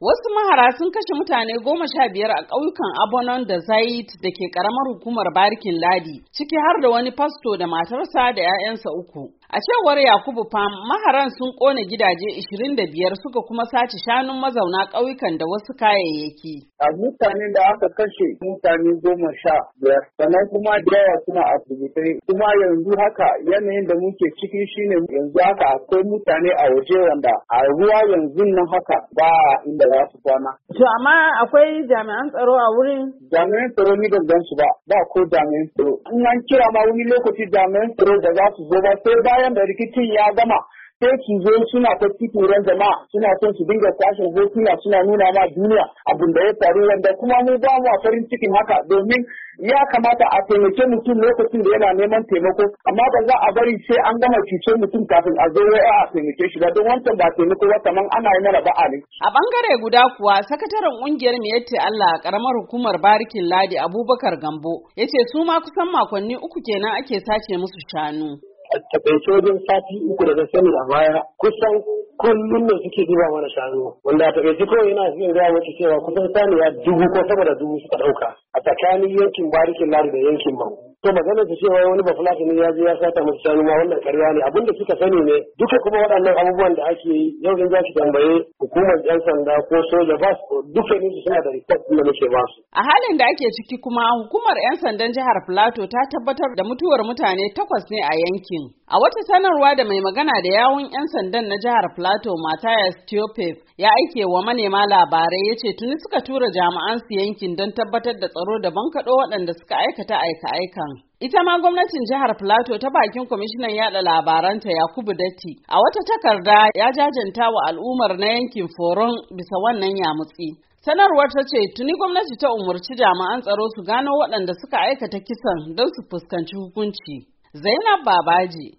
Wasu mahara sun kashe mutane goma sha biyar a ƙauyukan Abonon da Zait da ke ƙaramar hukumar barkin Ladi, ciki har da wani fasto da matarsa da 'ya'yansa uku. A cewar Yakubu Fam, maharan sun ƙone gidaje 25 suka kuma sace shanun mazauna ƙauyukan da wasu kayayyaki. A mutanen da aka kashe mutane goma sha biyar, sannan kuma da yawa suna asibitai. Kuma yanzu haka yanayin da muke ciki shine yanzu haka akwai mutane a waje wanda a ruwa yanzu nan haka ba inda ya su kwana. To amma akwai jami'an tsaro a wurin? Jami'an tsaro ni ban gan su ba, ba ko jami'an tsaro. In an kira ma wani lokaci jami'an tsaro da za su zo ba sai bayan da rikicin ya gama. sai su zo suna ta turan jama'a suna son su dinga kwashe hotuna suna nuna ma duniya abin da ya faru wanda kuma mu ba mu farin cikin haka domin ya kamata a taimake mutum lokacin da yana neman taimako amma ba za a bari sai an gama cutar mutum kafin a zo ya a taimake shi ba don wancan ba taimako ba kamar ana yi mana ba'a ne. A bangare guda kuwa sakataren kungiyar Miyetti Allah a karamar hukumar Barikin Ladi Abubakar Gambo ya ce su ma kusan makonni uku kenan ake sace musu shanu. A wajen sati uku da sani a baya kusan kullum da suke duba mana shanu wanda a takaice ko yana cikin gaya mace cewa kusan saniya dubu ko sama da dubu suka ɗauka a tsakanin yankin barikin lari da yankin bangu to maganar ta cewa wani bafulaki ne ya je ya sata musu shanu ma wannan karya ne abin da suka sani ne duka kuma waɗannan abubuwan da ake yi yau da za ki tambaye hukumar yan sanda ko soja ba duka ne su suna da report da muke ba su a halin da ake ciki kuma hukumar yan sandan jihar Plateau ta tabbatar da mutuwar mutane takwas ne a yankin A wata sanarwa da mai magana da yawun 'yan sandan na jihar Plateau Matthias Theopef ya aike wa manema labarai ya ce tuni suka tura jami'an su yankin don tabbatar da tsaro da bankaɗo waɗanda suka aikata aika-aikan. Ita ma gwamnatin jihar Plateau ta bakin kwamishinan yada labaranta Yakubu Datti a wata takarda ya jajanta wa al'ummar na yankin Foron bisa wannan ya yamutsi. Sanarwar ta ce tuni gwamnati ta umarci jami'an tsaro su gano waɗanda suka aikata kisan don su fuskanci hukunci. Zainab Babaji,